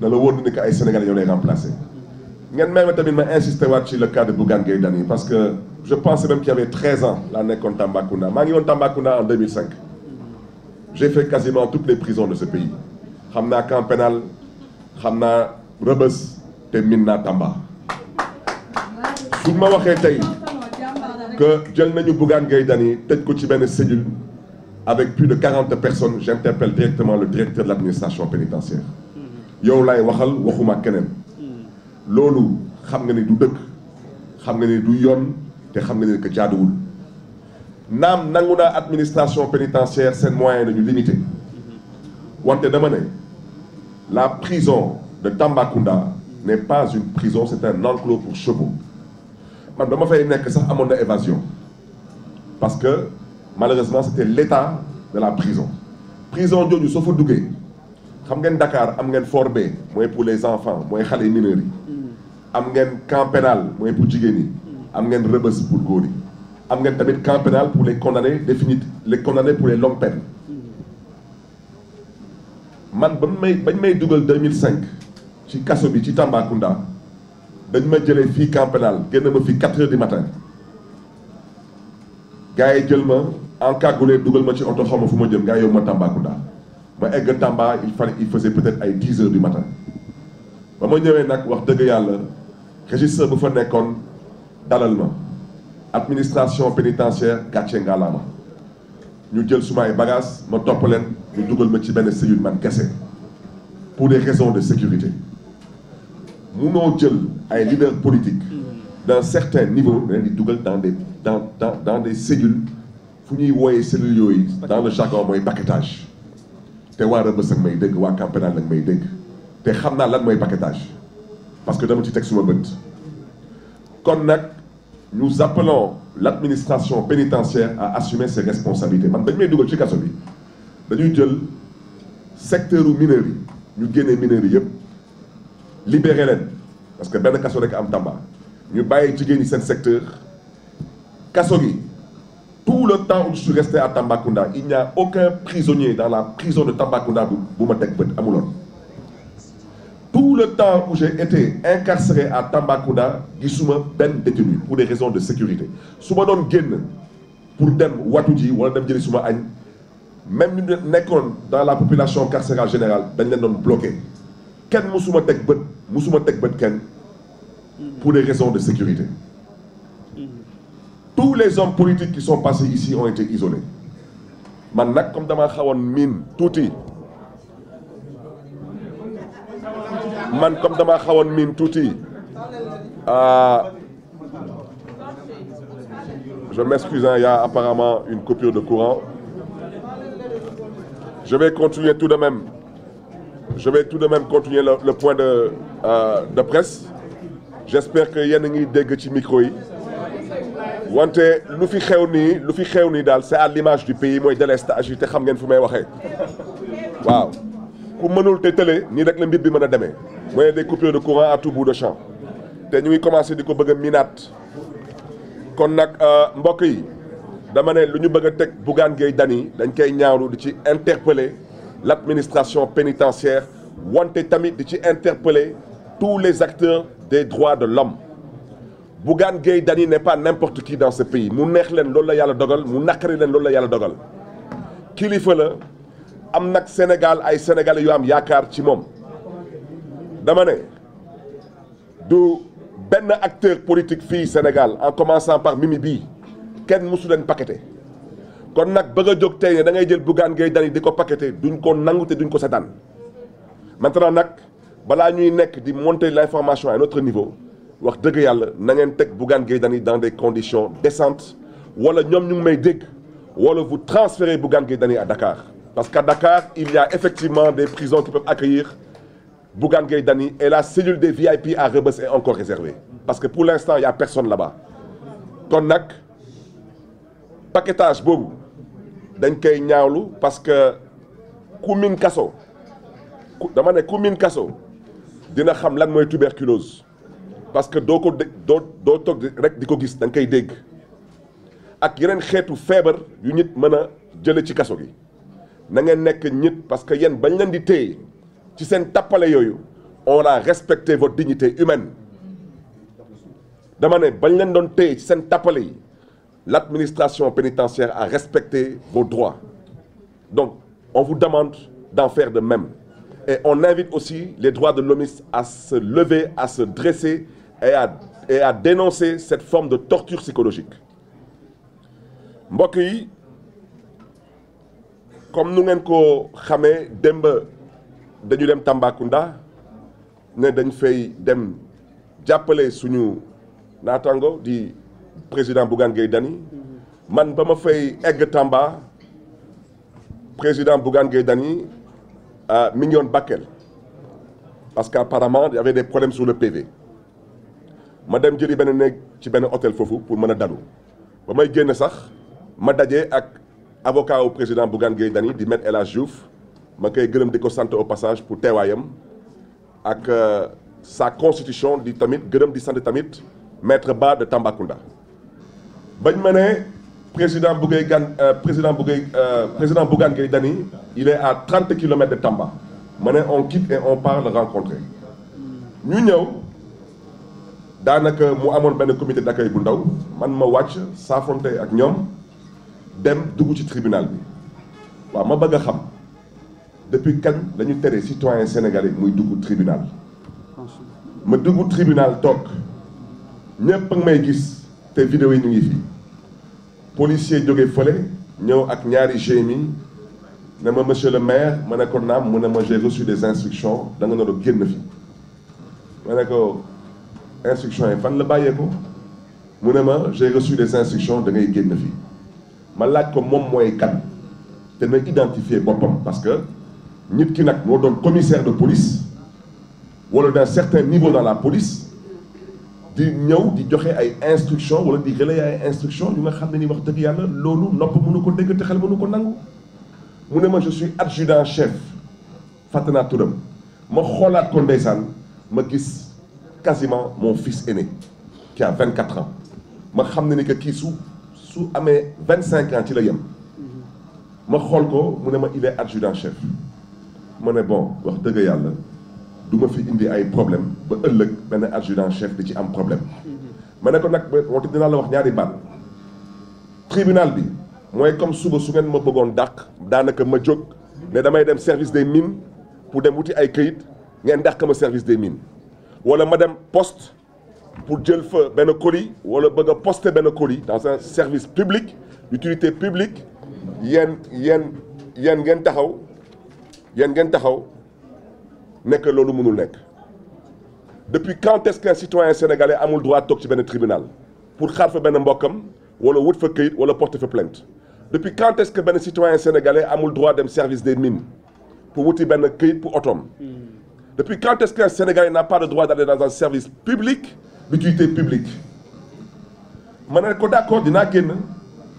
na la wóor ni que ay Sénégalais yow lay remplacer ngeen may ma tamit ma insister waat ci le cas de Bougane Gueye Dany parce que je pensais même qu'il y avait 13 ans laa nekkoon Tambacounda maa ngi woon Tambacounda en 2005 j'ai fait quasiment toutes les prisons de ce pays xam naa camp pénal xam naa Rebeuss te min naa Tamba su ma waxee tey que jël nañu Bougane Gueye Dany tëj ko ci benn cellule avec plus de 40 personnes j'interpelle directement le directeur de l'administration pénitentiaire yow lay waxal waxuma keneen loolu xam nga ni du dëkk xam nga ni du yoon te xam nga ni que jaaduwul naam nangu naa administration pénitentiaire seen moyen dañu limité wante dama ne la prison de Tambacounda n'est pas une prison c'est un enclos pour chevaux man dama fay nekk sax amoon na évasion parce que malheureusement c'était l'état de la prison prison jooju soo fa duggee xam ngeen dakaar am ngeen Fort mooy pour les enfants mooy xale yi mineurs yi am ngeen camp mooy pour jigéen yi am ngeen rëbës pour góor yi am ngeen tamit camp pénal pour les condamnés définitifs les condamnés pour les longues man may bañ may dugal 2005 ci kaso bi ci Tambacounda dañ ma jëlee fii camp pénal génn ma fii 4 heures du matin gars yi jël ma encagoulé dugal ma ci oto xaw fu ma jëm gars yi ma Tambacounda. ma egg Tamba il fallait il faisait peut ay dix heures du matin ba ma ñëwee nag wax dëgg yàlla régisseur bu fa nekkoon dalal ma administration pénitentiaire gàcce ma ñu jël suma ay bagages ma topp leen ñu dugal ma ci benn cellule man kese pour des raisons de sécurité munoo jël ay leaders politiques d'un certain niveau leen di dugal dans des dans dans dans des fu ñuy wooyee cellules yooyu dans le jargon mooy paquetage te waa Rebeuss ak may dégg waa camp nag may dégg te xam naa lan mooy paquetage parce que dama ci teg suma bët kon nag nous appelons l'administration pénitentiaire à assumer ses responsabilités man dañu may dugal ci kaso bi dañuy jël secteur u mineurs yi ñu génnee mineurs yi yëpp libéré leen parce que benn kaso rek am Tamba ñu bàyyi jigéen ñi seen secteur kaso gi tout le temps où je suis resté à Tambacounda il n'y a aucun prisonnier dans la prison de Tambacounda bu ma teg bët amuloon tout le temps où j'ai été incarcéré à Tambacounda suma benn détenu pour des raisons de sécurité su ma doon génn pour dem watu ji wala dem jëli suma añ même ñu nekkoon dans la population carcérale générale dañ leen doon bloqué kenn musuma teg bët musuma teg bët kenn pour des raisons de sécurité tous les hommes politiques qui sont passés ici ont été isolés man nag comme dama xawoon miin tuuti man comme dama xawoon miin tuuti ah je m'excuse il y a apparemment une coupure de courant je vais continuer tout de même je vais continuer le, le point de euh, de presse j'espère que yéen a ngi dégg ci micro yi. wante lu fi xew nii lu fi xew nii daal c'est à l'image du pays mooy délestage yi te xam ngeen fu may waxee waaw ku mënul te tële nii rek le mbir bi mën a demee mooy des coupures de courant à tout bout de champ te ñu ngi commencé di ko bëgg a kon nag euh, mbokk yi dama ne lu ñu bëgg a teg Bougane Gueye Dany dañ koy ñaawlu di ci interpeller l'administration pénitentiaire wante tamit di ci interpeller tous les acteurs des droits de l'homme Bougane Gueye Dany n'est pas n'importe qui dans ce pays mu neex leen loolu la yàlla dogal mu naqari leen loolu la yàlla dogal kilifa la am nag Sénégal ay sénégalais yu am yaakaar ci moom dama ne du benn acteur politique fii Sénégal en commençant par Mimi bii kenn mësu leen paqueté kon nag bëgg a jóg tey ne da ngay jël Bougane Gueye Dany di ko paqueté duñ ko nangu te duñ ko setaan maintenant nag balaa ñuy nekk di monter l'information à notre niveau wax dëgg yàlla na ngeen teg Bougane Gueye Dany dans des conditions décentes wala ñoom ñu may dégg wala vous transférez Bougane Gueye Dany à Dakar parce que Dakar il y effectivement des prisons qui peuvent accueillir Bougane Gueye Dany et la cellule des VIP à Rebeuss est encore réservée parce que pour l'instant il y a personne là kon nag paquetage boobu dañ koy ñaawlu parce que ku min kaso dama ne ku min kaso dina xam lan mooy tuberculose parce que doo ko dé doo doo toog rek di ko gis da nga koy dégg ak yeneen xeetu feebar yu nit mën a jële ci kaso gi na ngeen nekk nit parce que yéen bañ leen di téye ci seen tappale yooyu on a respecté votre dignité humaine dama ne bañ leen doon téye ci seen tappale yi l'administration pénitentiaire a respecté vos droits donc on vous demande d'en faire de même et on invite aussi les droits de l'homme à se lever à se dresser et à et à dénoncer cette forme de torture psychologique mbokk yi comme nu ngeen ko xamee démb dañu dem Tambacounda ne dañ fay dem jàppale suñu naataango di président Bougane Gueye Dany man ba ma fay egg Tamba président Bougane Gueye Dany euh, mi yoon Bakel parce qu'apparemment il y avait des problèmes sur le PV ma dem jëri benn néeg ci benn hôtel foofu pour mën a dalu ba may génn sax ma daje ak avocat président bu Bougane Gueye Dany di maître El Hadj Diouf ma kay gërëm di ko sant au passage pour teewaayam ak euh, sa constitution di tamit gërëm di sant tamit maître Ba de Tambacounda. bañ ma ne président Bougane Gan euh, président Bougane euh, président Bougane Gueye Dany il est à 30 kilomètres de Tamba ma ne on quitte et on part le rencontrer ñu ñëw. daanaka mu amoon benn comité d'accueil bu ndaw man ma wàcc saafonte ak ñoom dem dugg ci tribunal bi waaw ma bëgg a xam depuis kañ la ñu tere citoyen sénégalais muy dugg tribunal ma dugg tribunal toog ñëpp ak may gis te vidéo yi ñu ngi fi policier jóge fële ñëw ak ñaari GMI ne ma monsieur le maire ma ne ko naam mu ne ma j'ai des instructions da nga nar a génn fi ma ne ko instruction yi fan la bàyyeeku mu ne ma j'ai reçu des instructions ngay génn fii ma laaj ko moom mooy kan te na identifier boppam parce que nit ki nag moo doon commissaire de police wala d'un certain niveau dans la di ñëw di joxe ay instructions wala di relayer ay instructions yu nga xam ne ni wax dëgg yàlla loolu nopp mënu ko dégg te xel mënu ko nangu mu ne ma je suis adjudant chef fàtte naa turam ma xoolaat ko ndeysaan ma gis quasiment mon fils aîné qui a 24 ans ma xam ne ni que kii su su amee 25 ans ci la yem ma xool ko mu ne ma il est adjudant chef ma ne bon wax dëgg yàlla du ma fi indi ay problème ba ëllëg benn adjudant chef di ci am problème ma ne ko nag moo tax dinaa la wax ñaari baat tribunal bi mooy comme suba su ngeen ma bëggoon dàq daanaka ma jóg ne damay dem service des mines pour dem wuti ay këyit ngeen dàq ma service des mines wala ma dem poste pour jël fa benn colis wala bëgg a benn colis dans un service public d'utilité publique yéen yéen yéen ngeen taxaw yéen ngeen taxaw nekk loolu mënul nekk depuis quand est-ce qu'un citoyen amul droit toog ci benn tribunal pour xaar fa benn mbokkam wala wut fa këyit wala poste fa plainte depuis quand est-ce que benn citoyen sénégalais amul droit dem service des mines pour wuti benn këyit pour otoom hmm. Depuis quand est-ce qu'un Sénégalais n'a pas le droit d'aller dans un service public d'utilité publique ma ne ko d'accord dinaa génn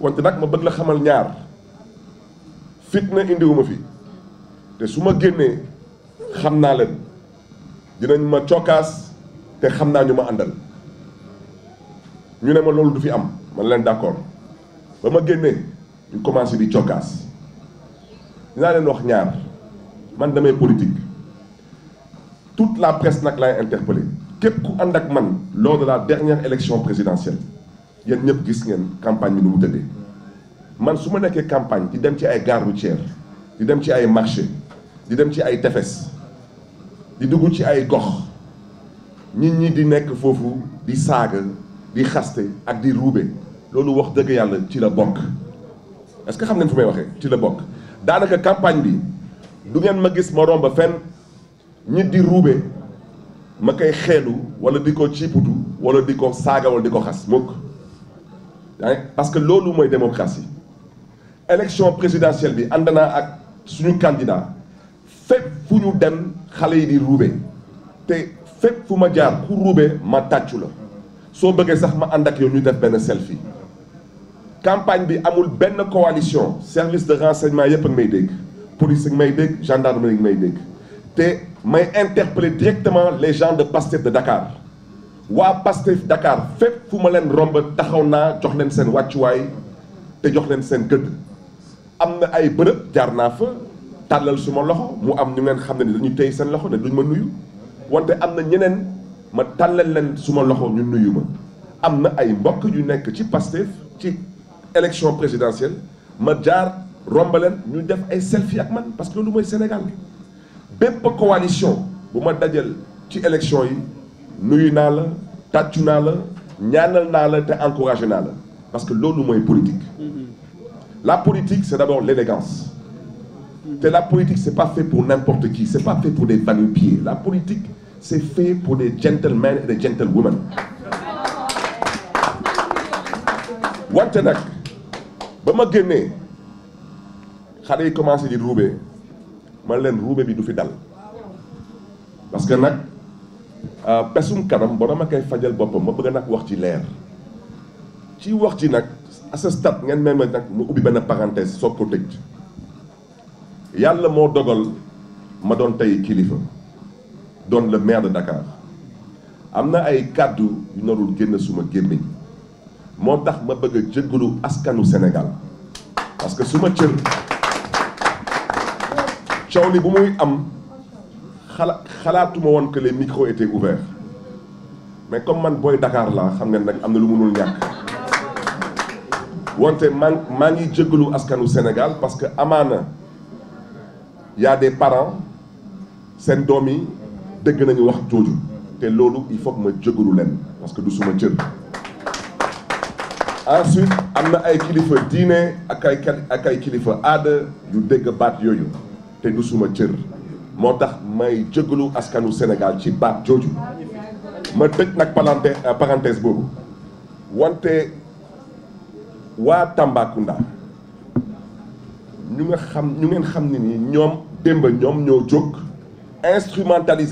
wante nag ma bëgg la xamal ñaar fitna indiwuma fi te su ma génnee xam naa leen dinañ ma cokkaas te xam naa ñu ma àndal ñu ne ma loolu du fi am man leen d'accord ba ma génnee ñu commencé di cokkaas dinaa leen wax ñaar man damay politique toute la presse nag laay interpellé képp ku ànd ak man lors de la dernière élection présidentielle yéen ñëpp gis ngeen campagne bi nu mu tëddee man su ma nekkee campagne di dem ci ay gare routière di dem ci ay marché di dem ci ay tefes di dugg ci ay gox nit ñi di nekk foofu di saaga di xaste ak di ruube loolu wax dëgg yàlla ci la bokk est-ce xam ngeen fu may waxe ci la bokk daanaka campagne bi du ngeen ma gis ma romb fenn nit di ruube ma koy xeelu wala di ko ciiputu wala di ko saaga di ko xas mukk yaa parce que loolu mooy démocratie élection présidentielle bi ànd naa ak suñu candidat fépp fu ñu dem xale yi di ruube te fépp fu ma jaar ku ruube ma tàccu la soo bëggee sax ma ànd ak yow ñu def benn selfi campagne bi amul benn coalition service de renseignement yëpp a ngi may dégg police a may dégg gendarmerie a may dégg te may interpeller directement les gens de Pastef de Dakar waa Pastef Dakar fépp fu ma leen romb taxaw naa jox leen seen wàccuwaay te jox leen seen gëdd am na ay bërëb jaar naa fa tàllal suma loxo mu am ñu leen xam ne dañu tey seen loxo ne duñ ma nuyu wante am na ñeneen ma tàllal leen suma loxo ñu nuyu ma am na ay mbokk yu nekk ci Pastef ci élection présidentielle ma jaar romb leen ñu def ay selfie ak man parce que loolu mooy Sénégal bi bépp coalition bu ma dajal ci élection yi nuyu naa la tàccu naa la ñaanal naa la te encouragé naa la parce que loolu mooy politique la politique c'est d'abord l'élégance te la politique c'est pas fait pour n'importe qui c'est pas fait pour des vanne-pieds la politique c'est fait pour des gentlemen et des gentlewomen wante nag ma génnee xale yi commencé di ruubee man leen ruube bi du fi dal parce que nag euh, pesum kanam borom a ma koy fajal boppam ma bëgg nag wax ci leer ci wax ci nag à ce ngeen may ma nag mu ubbi benn parenthèse soog ko tëj yàlla moo dogal ma doon tey kilifa doon le maire de Dakar am na ay kàddu yu narul génn suma gémmiñ moo tax ma bëgg a jéggalu askanu Sénégal parce suma cër coow li bu muy am xala xalaatuma woon que les micros étaient ouverts mais comme man booy Dakar laa xam ngeen nag am na lu mënul ñàkk wante maa ngi jéggalu askanu Sénégal parce que amaana y a parent seen doom yi dégg nañu wax jooju te loolu il faut ma jéggalu leen parce que du suma cër ensuite am na ay kilifa diine ak ay ak ay kilifa aada yu dégg baat yooyu te du suma cër moo tax may jëgalu askanu senegal ci baat jooju ma tëj nag palante euh, parenthèse boobu wante waa Tambacounda ñu nga xam ñu ngeen xam ne ni ñoom démb ñoom ñoo jóg instrumentaliser